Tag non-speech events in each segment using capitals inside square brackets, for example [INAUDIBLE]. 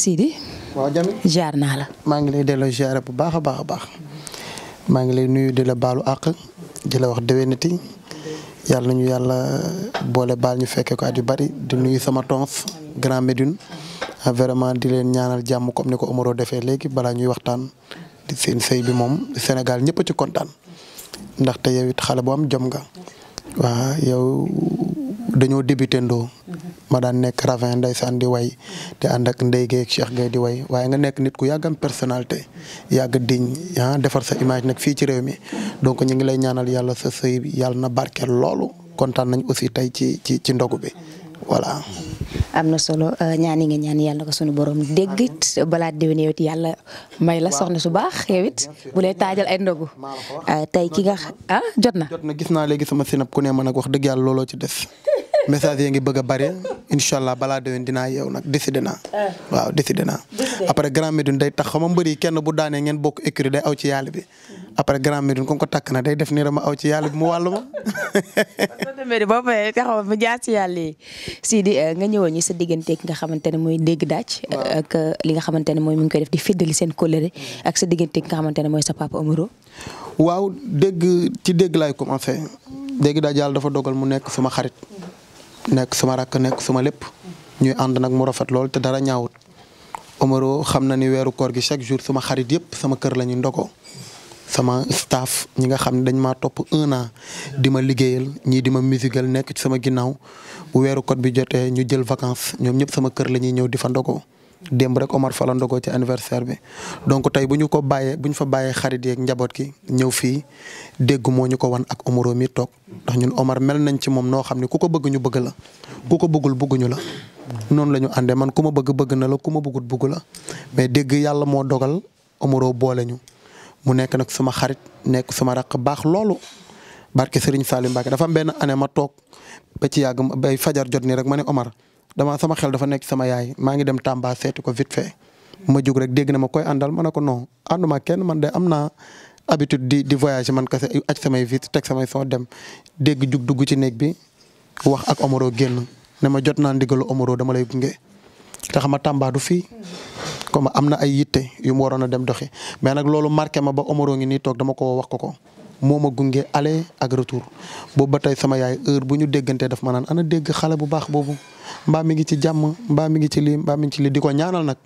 Sidi. waaw Jami jaar naa la. maa ngi lay delloo ziar bu baax a baax a baax maa ngi lay nuyu di la baalu àq di la wax déwénati yàlla ñu yàlla boole baal ñu fekkee ko at yu bari di nuyu sama tons Grand Médine ah, vraiment di leen ñaanal jàmm comme ni ko Omaro defee léegi balaa ñuy waxtaan di seen sëy bi moom Sénégal ñëpp ci kontaan ndaxte yow it xale bu am jom nga waaw dañoo débuté ndoo mhm. ma daan nekk ravin ndeysaan di way te ànd ak ndey geeg ga Gueye di way waaye nga nekk nit ku yàggam personnalité yàgg diñ a ah, defar sa image nag fii ci réew mi donc ñu ngi lay ñaanal yàlla sa sëy yàlla na barkeel loolu kontaan nañ aussi tey ci ci ci ndogu bi voilà. am na solo euh, ñaan yi nga ñaan yàlla ko suñu borom dégg it balaa déwén yow yàlla may la soxna su baax yow it bu lay taajal ay ndogu euh, tey ki nga ah jot na. jot na gis naa léegi sama sinap ku ne ma nag wax dëgg yàlla ci des. message yi ngi bëgg a bare incha allah balaa déwén dinaa yeew nag décidé naa. Eh. waaw décidé naa. après Grand Médine day tax xam nga mbëri kenn bu daanee ngeen bokk écurie day aw ci yàlla bi. Mm-hmm. après Grand Médine kon ko takk na day def nii dama aw ci yàlla bi mu wàllu ma. [LAUGHS] boo fayee taxaw mu jaar ci yàlla yi Sidi eh, nga ñëwoon ñi sa diggante ki nga xamante ne mooy dégg daaj. Eh, ak li nga xamante ne mooy mu ngi koy def di fëddali seen kóllëre mm-hmm. ak sa diggante ki nga xamante ne mooy sa papa waaw dégg ci dégg laay commencé dégg daaj yàlla dafa dogal mu nekk suma xarit. Mm-hmm. nekk suma rakk nekk suma lépp ñuy ànd nag mu rafet lool te dara ñaawut Omaro xam na ni weeru koor gi chaque jour sama xarit yëpp sama kër la ñuy ndogoo sama staff ñi nga xam ne dañ maa topp un an di ma liggéeyal ñii di ma musical nekk ci sama ginnaaw bu weeru koor bi jotee ñu jël vacances ñoom ñëpp sama kër la ñuy ñëw di fa ndogoo démb rek Omar Fala ndogoo ci anniversaire bi donc tey bu ñu ko bàyyee bu ñu fa bàyyee xarit yeeg njaboot gi ñëw fii dégg moo ñu ko wan ak Omaro mi toog ndax ñun Omar mel nañ ci moom noo xam ne ku ko bëgg ñu bëgg la ku ko bëggul bëgguñu la. noonu la ñu àndee man ku ma bëgg bëgg na la ku ma bëggut bëggu la mais dégg yàlla moo dogal Omaro boole ñu mu nekk nag sama xarit nekk sama raq baax loolu. barke Serigne Salim Mbacke dafa am benn année ma toog ba ci yàgg bay fajar jot nii rek ma ne Omar. dama sama xel dafa nekk sama yaay maa ngi dem Tamba seeti ko vite ma jug rek dégg na ma koy àndal ma ne ko non ànduma kenn man de am naa habitude di di voyager man kese aj samay vite teg samay soo dem dégg jug dugg ci néeg bi wax ak Omaro génn ne ma jot naa ndigalu Omaro dama lay gunge te xam nga Tamba du fii comme am na ay yitte yu mu waroon a dem doxi mais nag loolu marqué ma ba Omaro ngi nii toog dama ko wax ko ko. moo ma gunge aller ak retour boobu ba tey sama yaay heure bu ñu déggantee daf ma naan ana dégg xale bu baax boobu mbaa mi ngi ci jàmm mbaam mi ngi ci lii mbaa mi ci lii di ko ñaanal nag.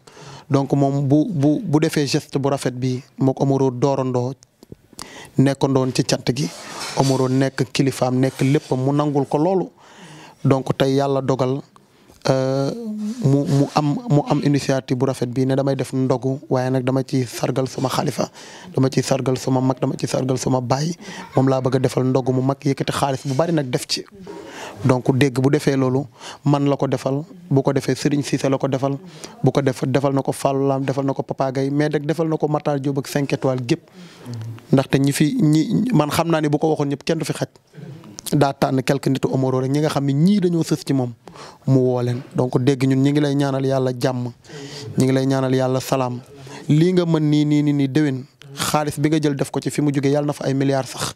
donc moom bu bu bu defee geste bu rafet bi moo ko Omaro doorandoo nekkandoon ci cant gi Omaro nekk kilifaam nekk léppam mu nangul ko loolu donc tey yàlla dogal. Euh, mu mu am mu am initiative bu rafet bi ne damay def ndogu waaye nag dama ci sargal suma xalifa dama ci sargal suma mag dama ci sargal suma baay moom laa bëgg a defal ndogu mu mag yëkkati xaalis bu bari nag def ci. donc dégg bu defee loolu man la ko defal bu ko defee Serigne Cissé la ko defal bu ko def defal na ko Fallou Lam defal na ko Papa Guèye mais nag defal na ko Matar Diop ak 5 gépp ndaxte ñi fi ñi man xam naa ne bu ko waxoon ñëpp kenn du fi xaj. daa tànn quelque nitu omoro rek ñi nga xam ne ñii dañoo sës ci moom mu woo leen donc dégg ñun ñi ngi lay ñaanal yàlla jàmm ñi ngi lay ñaanal yàlla salaam lii nga mën nii nii nii nii déwén xaalis bi nga jël def ko ci fi mu jógee yàlla na fa ay milliards sax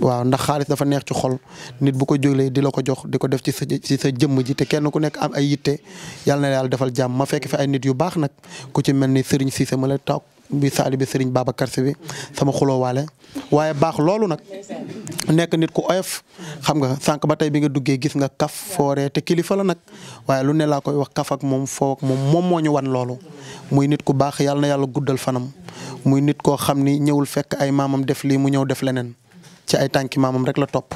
waaw ndax xaalis dafa neex ci xool nit bu ko jóglee di la ko jox di ko def ci sa ci sa jëmm ji te kenn ku nekk am ay yitte yàlla na yàlla defal jàmm ma fekk fi ay nit yu baax nag ku ci mel ni Serigne Cissé ma la toog bi taalibe Serigne Babacar Sy bi sama xuloowaale waaye baax loolu nag nekk nit ku oyof xam nga sànq ba tey bi nga duggee gis nga kaf fooree te kilifa la nag waaye lu ne laa koy wax kaf moom foo moom moom moo ñu wan loolu muy nit ku baax yàlla na yàlla guddal fanam muy nit koo xam ni ñëwul fekk ay maamam def lii mu ñëw def leneen ci ay tànki maamam rek la topp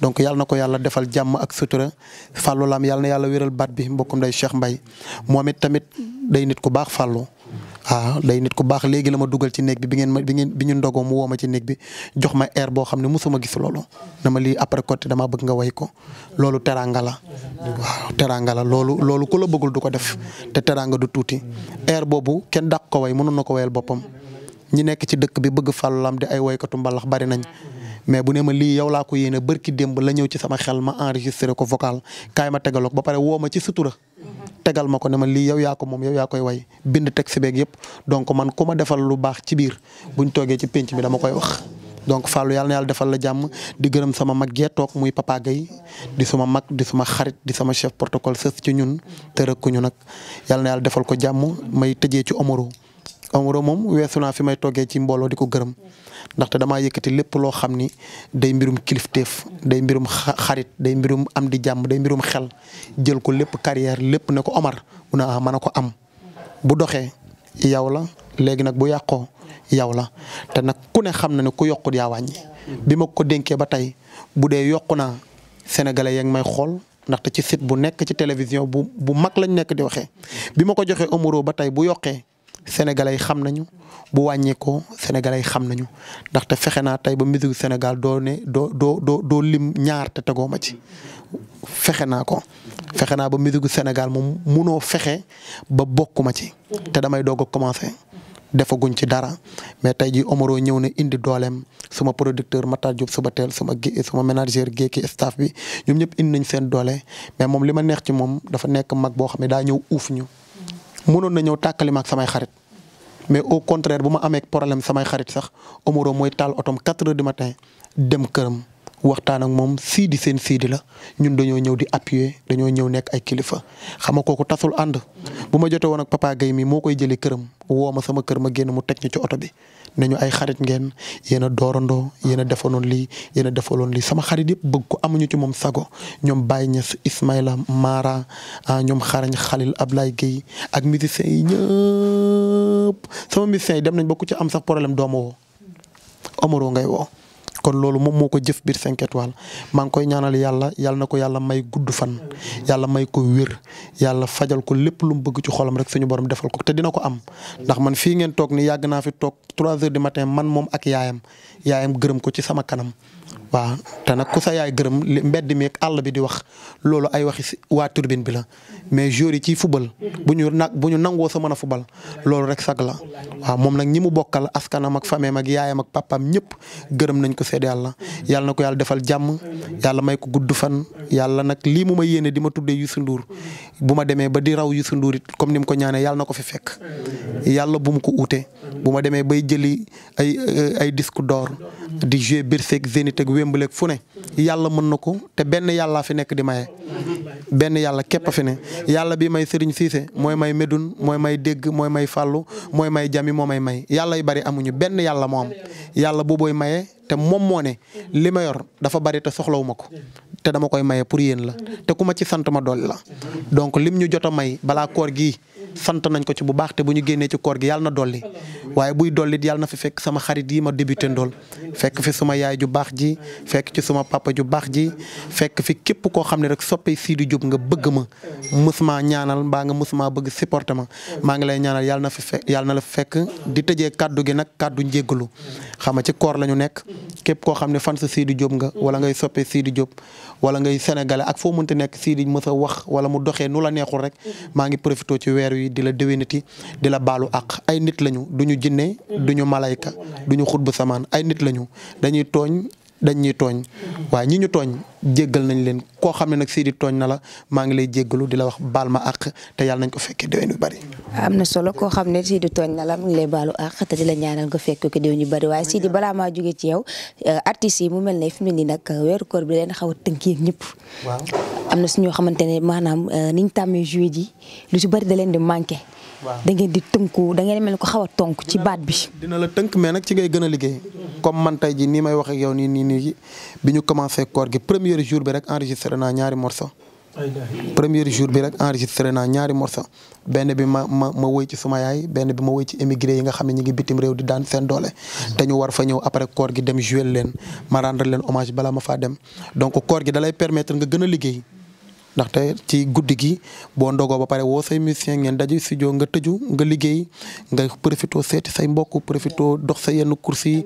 donc yàlla na ko yàlla defal jàmm ak sutura fàllu laam yàlla na yàlla wéral baat bi mbokkum day Cheikh Mbaye moom it tamit day nit ku baax fàllu waaw ah, day nit ku baax léegi la ma dugal ci néeg bi bi ngeen ma bi ngeen bi ñu ndogoo wooma woo ma ci néeg bi jox ma air boo xam ne mosuma gis loolu dama lii après côté dama bëgg nga way ko loolu teraanga la waaw teraanga loolu loolu ku la bëggul du ko def te teraanga du tuuti air boobu kenn dàq ko way mënoon na ko wayal boppam ñi nekk ci dëkk bi bëgg fàllulam di ay woykatu mbalax bari nañ mais bu nee ma lii yow laa ko yéene bërki démb la ñëw ci sama xel ma enregistré ko vocal kaay ma tegaloo ko ba pare woo ma ci sutura. tegal ma ko ne ma lii yow yaa ko moom yow yaa koy way bind si beeg yëpp donc man ku ma defal lu baax ci biir buñ toogee ci pénc mi dama koy wax. donc Fallou yàlla na yàlla defal la jàmm di gërëm sama mag gee toog muy Papa Guèye di suma mag di suma xarit di sama chef protocole sës ci ñun tërëkkuñu nag yàlla na yàlla defal ko jàmm may tëjee ci Omaro Omaro moom weesu naa fi may toggee ci mbooloo di ko gërëm ndaxte damaa yëkkati lépp loo xam ni day mbirum kilifteef day mbirum xarit day mbirum am di jàmm day mbirum xel jël ko lépp carrière lépp ne ko Omar mu ne ah, mën a ko am bu doxee yow la léegi nag bu yàqoo yow la te nag ku ne xam na ne ku yokkut yaa wàññi bi ma ko dénkee ba tey bu dee yokku na sénégalais yaa may xool ndaxte ci sit bu nekk ci télévision bu bu mag lañ nekk di waxee bi ma ko joxee Omaro ba tey bu yokkee sénégalais yi xam nañu bu wàññeekoo sénégalais yi xam nañu ndaxte fexe naa tey ba musique Sénégal doo ne doo doo doo doo lim ñaar te tegoo ma ci fexe naa ko fexe naa ba musique Sénégal moom munoo fexe ba bokkuma ci te damay doog a commencé defaguñ ci dara mais tey ji Omaro ñëw na indi dooleem suma producteur Matar Diop suba teel suma gée suma manager géeki staff bi ñoom ñëpp indi nañ seen doole mais moom li ma neex ci moom dafa nekk mag boo xam ne daa ñëw uuf ñu mënoon na ñëw tàkkali ma ak samay xarit mais au contraire bu ma amee problème samay xarit sax Omaro moy taal otom 4 heures du matin dem këram. waxtaan ak moom siidi seen siidi la ñun dañoo ñëw di appuyer dañoo ñëw nekk ay kilifa xama nga kooku tasul ànd bu ma jotee woon ak papa Guèye mi moo koy jëlee këram woo ma sama kër ma génn mu teg ñu ci oto bi nañu ay xarit ngeen yéen a doorandoo yéen a lii yéen a defaloon lii sama xarit yëpp bëgg ko amuñu ci moom sago ñoom Baye Niass Ismaïla Mara ah, ñoom xarañ ab laay Guèye ak musiciens yi ñëpp sama musiciens yi dem nañ ba ku ci am sax problème doomu woo Omaro ngay woo. kon loolu moom moo ko jëf biir 5 étoiles maa ngi koy ñaanal yàlla yàlla na ko yàlla may gudd fan yàlla may ko wér yàlla fajal ko lépp lu mu bëgg ci xolam rek suñu borom defal ko te dina ko am ndax man fii ngeen toog ni yàgg naa fi toog 3 heures de matin man moom ak yaayam yaayam gërëm ko ci sama kanam waaw te nag ku sa yaay gërëm mbedd mi àll bi di wax loolu ay waxi waa turbine bi la mais joueurs yi ciy fubal bu ñu nag bu ñu nangoo sa mën a fubal loolu rek sag la waaw moom nag ñi mu bokkal askanam ak fameem ak yaayam ak papam ñëpp gërëm nañ ko sedd yàlla yàlla na ko yàlla defal jàmm yàlla may ko gudd fan yàlla nag lii mu ma yéene di ma tuddee Youssou nduur bu ma demee ba di raw Youssou Ndour it comme ni mu ko ñaanee yàlla ko fi fekk yàlla bu mu ko uute bu ma demee bay jëli ay ay disque d'or di jouer Bercy ak Zénith wémbaleeg fu ne yàlla mën na ko te benn yàllaa fi nekk di maye. benn yàlla képp a fi ne yàlla bi may Serigne Cissé mooy may Médoune mooy may dégg mooy may fàllu mooy may jami moo may may yàlla yu bari amuñu benn yàlla moom yàlla boobooy maye te moom moo ne li ma yor dafa bari te soxlawu ma ko te dama koy maye pour yéen la te ku ci sant ma dool la donc lim ñu jot a may balaa koor gii sant nañ ko ci bu baax te bu ñu génnee ci koor gi yàlla na dolli waaye buy dollit yàlla na fi fekk sama xarit yi ma débuté ndool fekk fi suma yaay ju baax ji fekk ci suma papa ju baax ji fekk fi képp koo xam ne rek soppee Sidy Diop nga bëgg ma mës maa ñaanal mbaa nga mës maa bëgg supporté ma maa ngi lay ñaanal yàlla na fi fekk yàlla na la fekk di tëjee kàddu gi nag kàddu njéggalu xam ci koor lañu nekk képp koo xam ne fan sa Sidi Diop nga wala ngay soppe Sidi Diop wala ngay sénégalais ak foo mënta nekk Sidi mës a wax wala mu doxee nu la neexul rek mm-hmm. maa ngi profité ci weer wi di la déwénati di la baalu àq ay nit lañu duñu jinne duñu malayka duñu xutbu samaan ay nit lañu dañuy tooñ dañ ñuy tooñ waaye ñi ñu tooñ jéggal nañ leen koo xam ne nag sii di tooñ na la maa ngi lay jéggalu di la wax baal ma àq te yàlla nañ ko fekkee déwén yu bari. am na solo koo xam ne sii di na la mu ngi lay baalu àq te di la ñaanal fekk ko déwén yu bari waaye sii di balaa maa jógee ci yow euh, artistes yi mu mel ne fi mu ne nii nag weeru koor bi leen xaw a tënk yéen ñëpp. am na suñoo xamante ne maanaam euh, niñ tàmmee joué ji lu si bari da leen di manqué. da ngeen di tënku da ngeen mel ko xaw a tonk ci baat bi. dina la tënk mais nag ci ngay gën a liggéey. comme man tey ji nii may waxee yow nii nii nii bi ñu commencé koor gi premier jour bi rek enregistré naa ñaari morceau. premier jour bi rek enregistré naa ñaari morceau benn bi ma ma ma woy ci suma yaay benn bi ma woy ci émigré yi nga xam ne ñu ngi bitim réew di daan seen doole. te ñu war fa ñëw après koor gi dem jouer leen ma rendre leen hommage balaa ma faa dem donc koor gi dalay lay permettre nga gën a liggéey. ndaxte ci guddi gi boo ndogoo ba pare woo say musicien ngeen daje studio nga tëju nga liggéey nga profito seeti say mbokku profito dox sa yenn course yi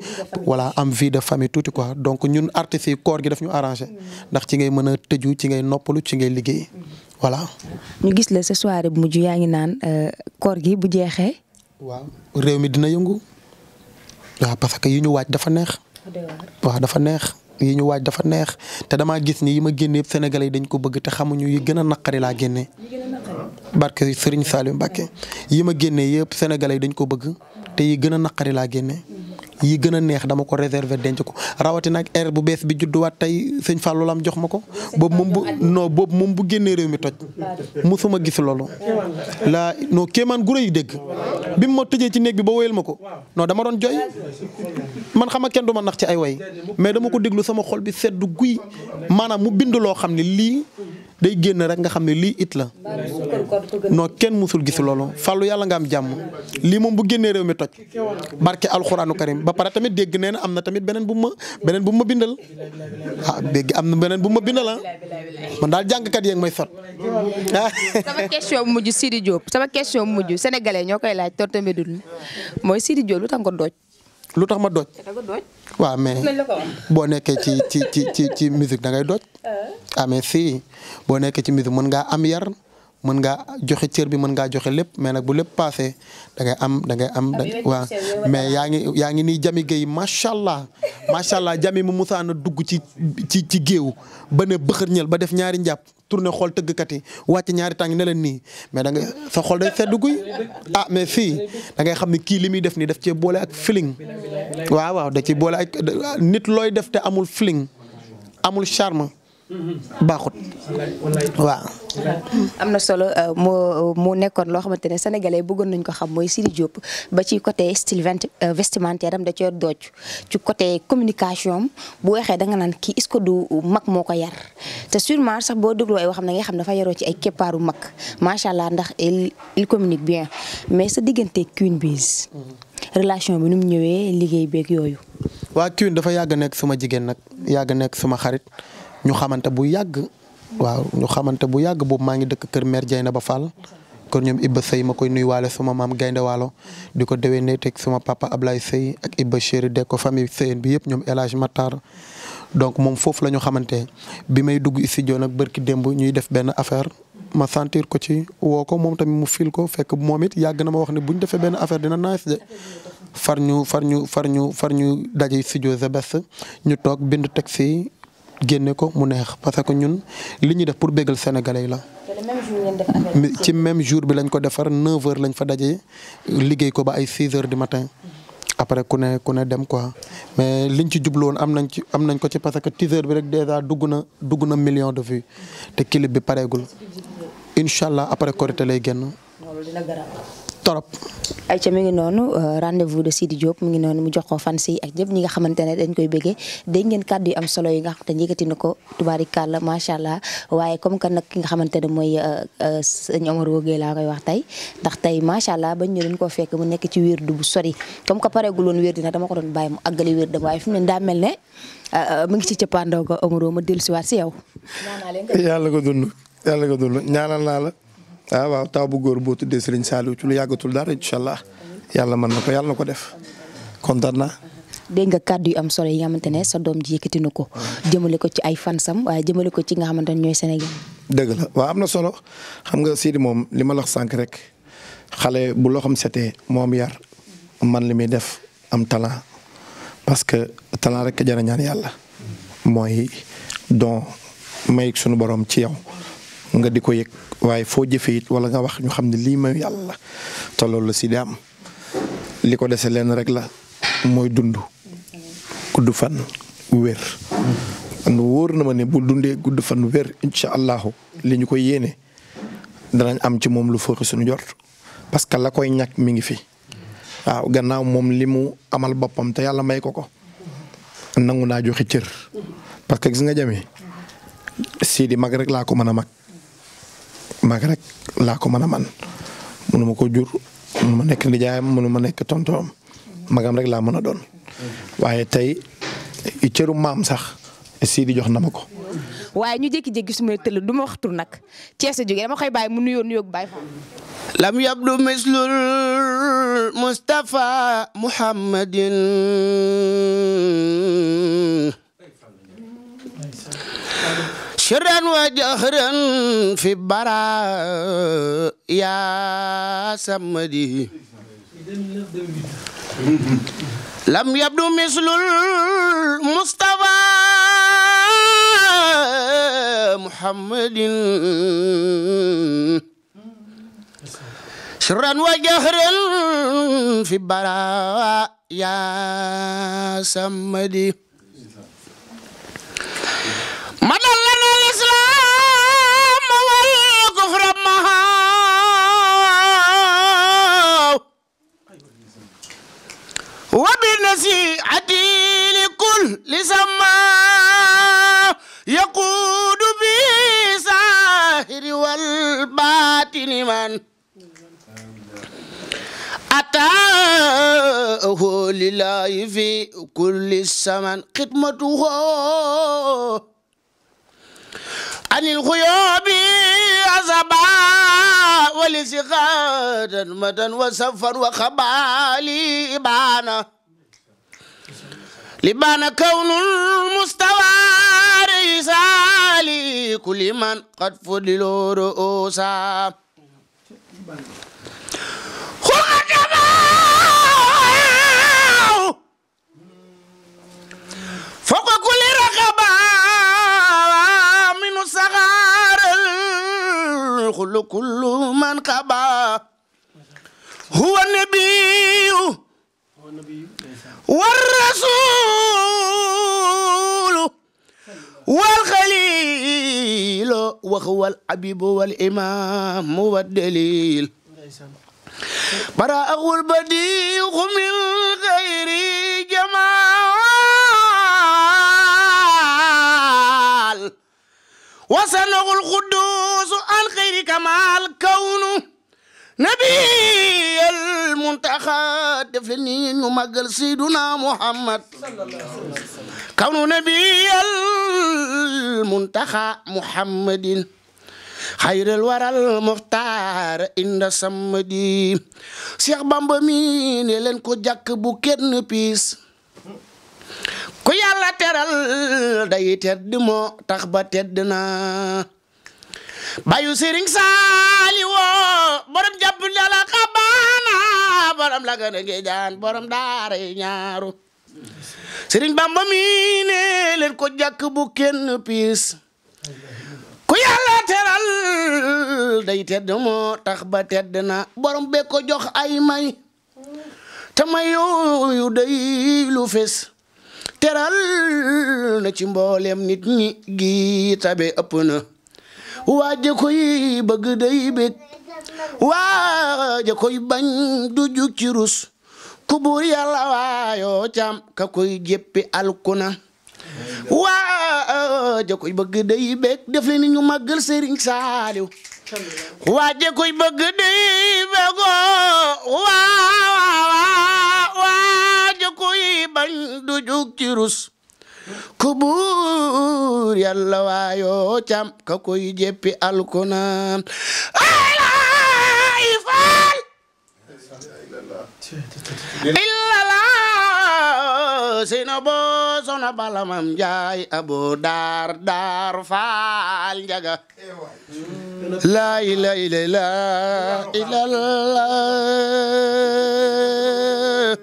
voilà am vie de famille tuuti quoi donc ñun artistes yi koor gi daf ñu arrangé ndax ci ngay mën a tëju ci ngay noppalu ci ngay liggéey voilà. ñu gis la sa soirée bu mujj yaa ngi naan euh, koor gi bu jeexee. waaw réew mi dina yëngu waaw parce que yi ñu waaj dafa neex. waaw dafa neex. yi ñu waaj dafa neex te damaa gis ni yi ma génne yëpp sénégalais yi dañ ko bëgg te xamuñu yi gën a naqari laa génne. barke Serigne Saliou Mbacké yi ma génne yëpp sénégalais dañ ko bëgg te yi gën a naqari laa génne. yi gën a neex dama ko réserver denc ko rawati nag air bu bees bi judduwaat tey sëñ Fallou Lam jox ma ko boobu moom bu non boobu moom bu génnee réew mi toj musuma gis loolu laa non kéemaan gu rëy dégg bi mu ma tëjee ci néeg bi ba woyal ma ko non dama doon jooy man xam nga kenn du ma nax ci ay way mais dama ko déglu sama xol bi sedd guy maanaam mu bind loo xam ne lii day génn rek nga xam ne lii it la non kenn musul gis loolu fàllu yàlla nga am jàmm lii moom bu génnee réew mi toj barke alxuraanu karim ba pare tamit dégg nee na am na tamit beneen bu ma beneen bu ma bindal ah am na beneen bu ma bindal ah man daal jàngkat yeeg may sot sama question bu mujj Sidi sama question bu mujj sénégalais ñoo koy laaj tontu Médoune mooy Sidi Diop lu tax nga lu tax ma doj. waa mais boo nekkee ci ci ci ci ci musique da ngay doj. Ah. ah mais si boo nekkee ci musique mën ngaa am yar mën nga joxe cër bi mën ngaa joxe lépp mais nag bu lépp passé dangay am da ngay am. waa mais yaa ngi yaa ngi nii Jami Gueye macha allah macha allah Jami mu musaana dugg ci ci ci géew ba ne bëxërñal ba def ñaari njàpp. tourné xool tëggkat yi wàcc ñaari tàng ne leen nii mais da ngay sa xool day sedd guy ah mais fii da ngay xam ne kii li muy def nii def cee boole ak feeling waaw waaw da ci boole ak nit looy def te amul filing amul charme. baaxut waaw. am na solo euh, moo mu nekkoon loo xamante ne sénégalais bëggoon nañ ko xam mooy Sidy Diop ba ci côté style euh, vestimentaire am da cee dooj ci côté communication bu waxee da nga naan kii est-ce que du mag moo ko yar te sûrement sax boo dégloo ay waxam da ngay xam dafa yaroo ci ay keppaaru mag macha allah ndax il communique bien mais sa diggante Queen Biz bi nu mu ñëwee liggéey beeg yooyu. waa Queen dafa yàgg nekk suma jigéen nag yàgg nekk suma xarit. ñu xamante bu yàgg. waaw ñu xamante bu yàgg boobu maa ngi dëkk kër mère na ba Fall. kon ñoom Ibba Sey ma koy nuyuwaale suma maam Gaynde Waalo di ko dewee ne teg suma papa Ablaye Sey ak Ibba Chéri de ko famille Seyeen bi yëpp ñoom El ma taar donc moom foofu la ñu xamante bi may dugg studio nag bërki démb ñuy def benn affaire ma sentir ko ci woo ko moom tamit mu fil ko fekk moom it yàgg na ma wax ne bu ñu defee benn affaire dina nice de far ñu far ñu far ñu far ñu daje studio The ñu toog bind texte yi génne ko mu neex parce que ñun li ñuy def pour bégal sénégalais la. ci même jour bi lañ ko defar 9h lañ fa daje liggéey ko ba ay 6h du matin. après ku ne ku ne dem quoi mais liñ ci jublu woon am nañ ci am nañ ko ci parce que teaser bi rek déjà dugg na dugg na million de vues te clip bi pareegul incha allah après Korité lay génn. torop ay ca mi ngi noonu euh, rendez-vous de Sidi Diop mu ngi noonu mu jox ko fan si ak ñëpp ñi nga xamante ne dañ koy bëgge dégg ngeen kàddu yu am solo yi nga xamante ne yëkkati na ko tubaarikàlla macha allah waaye comme que nag ki nga xamante ne mooy euh, euh, sëñ Omar Wogé laa koy wax tey ndax tey macha allah bañ ñu doon koo fekk mu nekk ci wér du bu sori comme que pareegul woon wér na dama ko doon bàyyi mu àggali wér dama waaye fi mu ne daa mel ne mu ngi ci cëppaandoo ko Omar ma dellusiwaat si yow. yàlla ko dund ko dund ñaanal naa la. ah waaw taw bu góor boo tuddee Serigne Saliou ci lu yàggatul dara incha allah yàlla mën na ko yàlla na ko def kontaan naa. dégg nga kàddu yi am solo yi nga xamante ne sa na ko jëmale ko ci ay fansam waaye jëmale ko ci nga xamante ne ñooy Sénégal. dëgg la waaw am na solo xam nga Sidi moom li ma la sànq rek xale bu loo xam setee moom yar man li muy def am talent parce que talent rek a jar yàlla mooy don may sunu borom ci yow. nga di ko yëg waaye foo jëfee wala nga wax ñu xam ne lii ma yàlla te loolu la si di li ko dese leen rek la mooy dund gudd fan wér. nu wóor na ma ne bu dundee gudd fan wér incha allahu li ñu ko yéene danañ am ci moom lu fori suñu jot parce que la koy ñàkk mi ngi fi waaw gannaaw moom li mu amal boppam te yàlla may ko ko nangu naa joxe cër parce que gis nga jame sii mag rek laa ko mën a mag. mag rek laa ko mën a man mënu ma ko jur mënu ma nekk nijaayam mënu ma nekk tontoom magam rek laa mën a doon waaye tey cëru maam sax Sidi jox na ma ko. waaye ñu jékki-jékki su ma tëll du ma wax tur nag Cees a jógee dama koy bàyyi mu nuyoo nuyoog bàyyi fa. lam yabdu mislul Mustafa Muhammadin sirran wa jahran fi bara ya samadi lam yabdu mislul mustafa muhammadin sirran wa jahran fi bara ya samadi الذي عدي لكل سما يقود به ساهر والباطن من أتاه لله في كل الزمن خدمته عن الغياب عزبا ولزغادا مدى وسفر وخبالي بانا libaana kawnul mustawaa risaali kulli man qad fudiloo roosa xuma jabaaw foko kulli raqaba minu saxaaral xulu kullu man kaba huwa nabiyu wal rasuulu wal xaliilu wax wal abibu wal imaamu wal daliil bara axul badiixu min xayri jamaal wasanaxul xudduusu an xayri kamaal kaw nabi al muntaxa def leen ñu màggal Seydina Muhammad kawnu nabi al muntaxa Muhammadin xayril waral muxtaar inda samadi Cheikh Bamba mi ne leen ko jàkk bu kenn piis ku yàlla teral day tedd moo tax ba tedd na bayu sëriñ Saaliwoo borom jàpp ndala xabaana borom la gën borom daara yi ñaaru sëriñ Bamba mi ne ko jàkk bu kenn piis ku yàlla teral day tedd moo tax ba tedd na borom be ko jox ay may te may yooyu day lu teral na ci mboolem nit ñi gi tabe ëpp na waaja koy bëgg day bég waaja koy du jug ci rus ku buur yàlla alkuna waaja koy bëgg day bég ni ñu màggal sëriñ saaliw waaja koy bëgg day bégoo waaja koy bañ du jug ku buur yàlla waayo cam ka koy jeppi alkunaan ay faal illallah sina boo sona balamam njaay abo daar daar faal njaga laa ilaaha illallah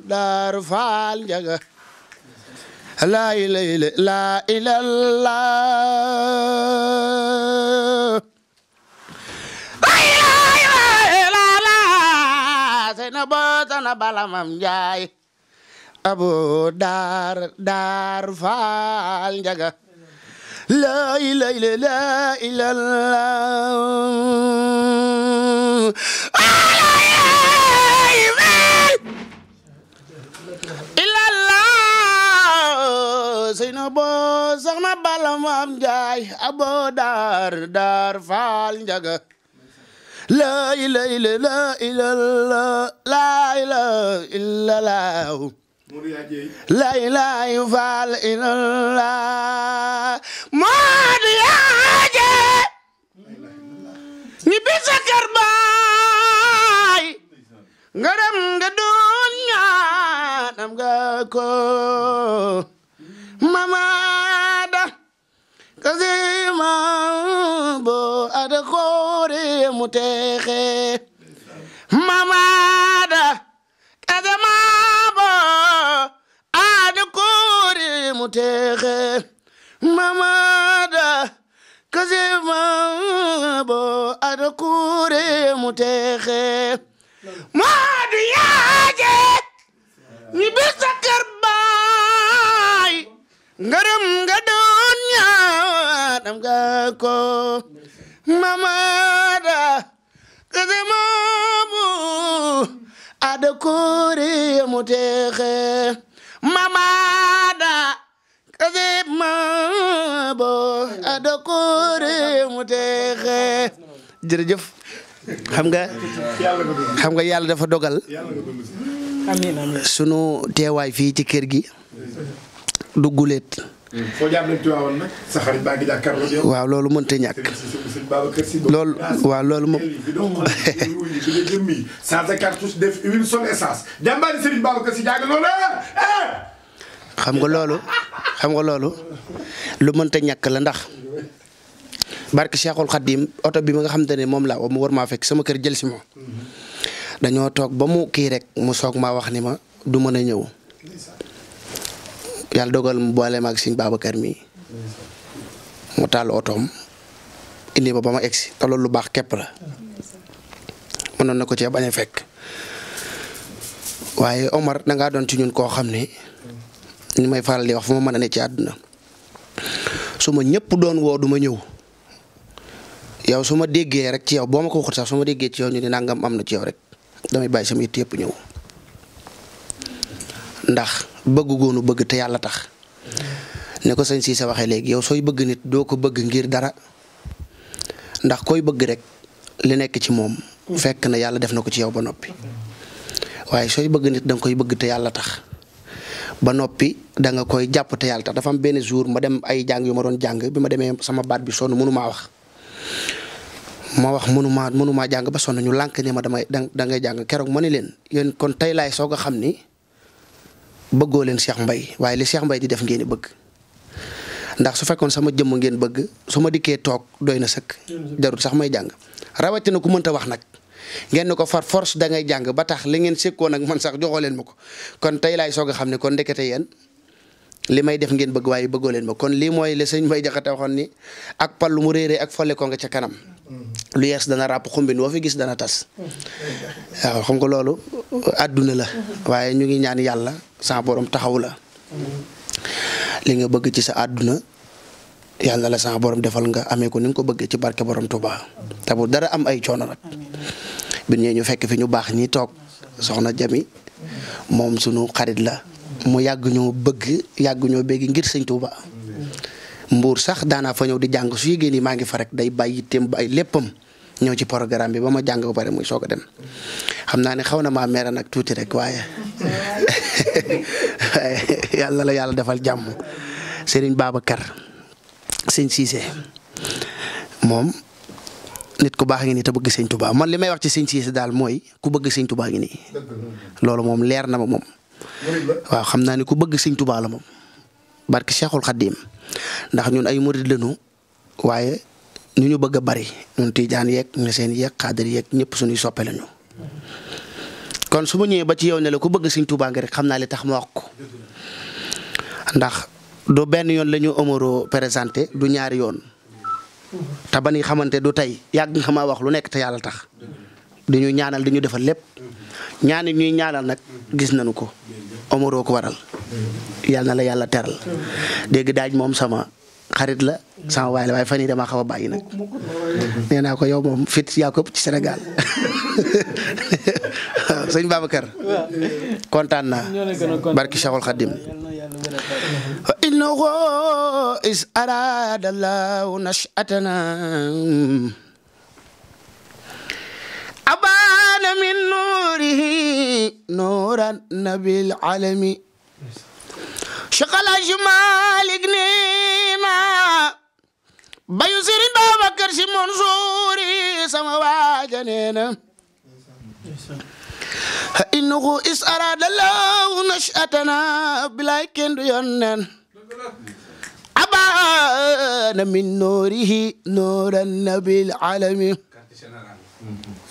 daaru faal njaga laa ilaha laa ilallah seyna bootana balamam njaay abu daar daar faal njaga laa ilaha laa ilallah Seynabu soxna Balla Maam Njaay abo daar daar faal njaga la ilaha illallah la ilaha illallah la ilaha faal illallah Moodu Yaaje ñi bisa kër baay nga dem nga doon ñaanam nga ko koore mu teexe mamaada kazamaaba aada koore mu teexe mamaada kazamaaba aada koore mu teexe maadu yaaje ñi bisa kër baay ngërëm nga doon ñaadam nga hamada kazamabu adakuri mutehe mamada kazamabu adakuri mutehe jërëjëf xam nga xam nga yàlla dafa dogal sunu teewaay fii ci kër gi dugguleet waaw loolu mënta ñàkk. loolu waaw loolu moom. Eh, eh. xam nga loolu xam nga loolu lu mënta ñàkk la ndax barke Cheikhul Khadim oto bi ma nga xamante ne moom la mu war maa fekk sama kër jël si ma mhm. dañoo toog ba mu kii rek mu soog ma wax ni ma du mën a ñëw. yàlla dogal mu boole ma ak sëñ Babacar mi mu taal otoom indi ma ba ma egsi te loolu lu baax képp la mënoon na ko cee bañ fekk waaye Omar dangaa doon ci ñun koo xam ne ñu may faral di wax fu ma mën a ne ci àdduna su ma ñëpp doon woo du ma ñëw yow su ma déggee rek ci yow boo ma ko waxut sax su ma déggee ci yow ñu ne nangam am na ci yow rek damay bàyyi sama yitt yëpp ñëw. ndax bëgg goonu bëgg te yàlla tax ne ko sëñ Cissé waxee léegi yow sooy bëgg nit doo ko bëgg ngir dara ndax koy bëgg rek li nekk ci moom fekk na yàlla def na ko ci yow ba noppi waaye bëgg nit danga koy bëgg te yàlla tax ba noppi da koy jàpp te yàlla tax dafa benn jour ma dem ay jàng yu ma doon jàng bi ma demee sama baat bi sonn mënumaa wax ma wax mënumaa mënumaa jàng ba sonn ñu lànk ne ma damay da ngay jàng keroog ma ne leen kon tey laay soog a xam ni bëggoo leen Cheikh mbay waaye li Cheikh Mbaye di def ngeen bëgg ndax su fekkoon sama jëmm ngeen bëgg su ma dikkee toog doy na sëkk. jarul sax may jàng rawatina ku mënta wax nag. ngeen ne ko far force da ngay jàng ba tax li ngeen sékkoon ak man sax joxoo leen ma ko kon tey laay soog a xam ne kon ndekete yen li may def ngeen bëgg waaye bëggoo leen ma kon lii mooy la sëñ Mbaye Jaxate waxoon ni ak pallu mu réeree ak folle ko nga ca kanam. lu yees dana ràpp xumbin woo fi gis dana tas waaw xam nga loolu àdduna la waaye ñu ngi ñaan yàlla sa borom taxaw la li nga bëgg ci sa àdduna yàlla la sa borom defal nga amee ko ni ko bëggee ci barke borom Touba te bu dara am ay coono nag bi ñee ñu fekk fi ñu baax ñi toog soxna Jami moom sunu xarit la mu yàgg ñoo bëgg yàgg ñoo bëgg ngir sëñ Touba mbuur sax daanaa fa ñëw di jàng su yégée ni maa ngi fa rek day bàyyi téem bàyyi léppam ñëw ci programme bi ba ma jàng ba pare muy soog a dem xam naa ne xaw na maa meera nag tuuti rek [LAUGHS] waaye yàlla la yàlla defal jàmm Serigne Babacar sëñ Cissé moom nit ku baax ngi nii te bëgg sëñ Touba man li may wax ci sëñ daal mooy ku bëgg sëñ ngi nii loolu moom leer na ma moom waaw xam naa ne ku bëgg sëñ la moom barki Cheikhul ndax ñun ay murid lañu waaye ñu ñu bëgg a bari ñun tiijaan yeeg ñu seen yeeg xaadir yeeg ñëpp suñuy soppe lañu kon su ma ñëwee ba ci yow ne la ku bëgg Sëñ Tuubaa nga rek xam naa li tax ma wax ko ndax du benn yoon lañu ñu Omaro présenté du ñaari yoon te ba ni xamante du tey yàgg nga ma wax lu nekk te yàlla tax di ñu ñaanal di ñu defal lépp ñaani ñuy ñaanal nag gis nañu ko Omaro ko waral yal na la yàlla teral dégg daaj moom sama xarit la sama waay la waaye fan yii damaa xaw a bàyyi nag nee naa ko yow ci Sénégal waaw [LAUGHS] sëñ Babacar kontaan naa barki Cheikhul Khadim إنه إذ أراد الله نشأتنا أبان من نوره نورا نبي العالمين Cheikh El Hadj Malick nii na bayu Serigne Babacar Sy Mansour sama waaja nee na innahu is arada law nashatana bilaay kenn du yonneen abana min noorihi nooran nabil alami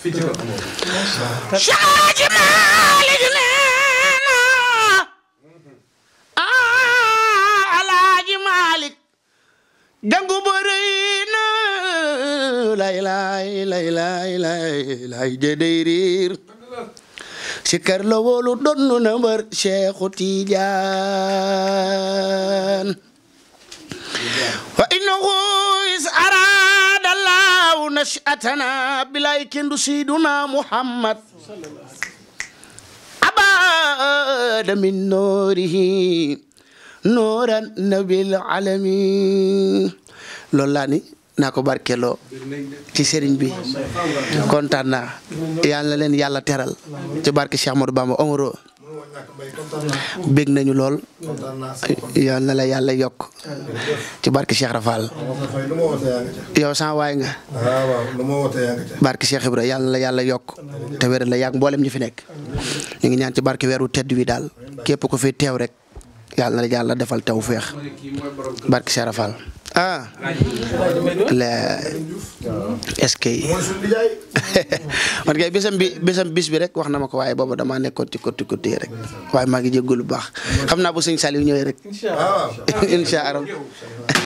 Cheikh El Hadj Malick jàngu ba rëy na lay lay lay lay lay lay jëdey riir si kër la wóolu donnu na mbër Seexu Tijaan wa innahu is araada Allahu nashatana bilay kendu siiduna Muhammad abada min noorihi nuuran nabil alamin loolu laa ni naa ko barkeloo ci sëriñ bi kontaan naa yàlla leen yàlla teral ci barke Cheikh Amadou Bamba Omaro bég nañu lool yal na la yàlla yokk ci barke Cheikh Rafal yow sans waay nga barke Cheikh Ibra yal na la yàlla yokk te wéral la yàgg mboolem ñi fi nekk ñu ngi ñaan ci barke weeru tedd wi daal képp ku fi teew rek. yàlla na defal taw feex barke Serap Fall ah. la ce que man kay bésam bi bésam bis bi rek wax na ma ko waaye boobu damaa nekkoon ci côté côté rek waaye maa ngi jéggu lu baax xam naa bu sëñ Saliou ñëwee rek. incha allah [LAUGHS]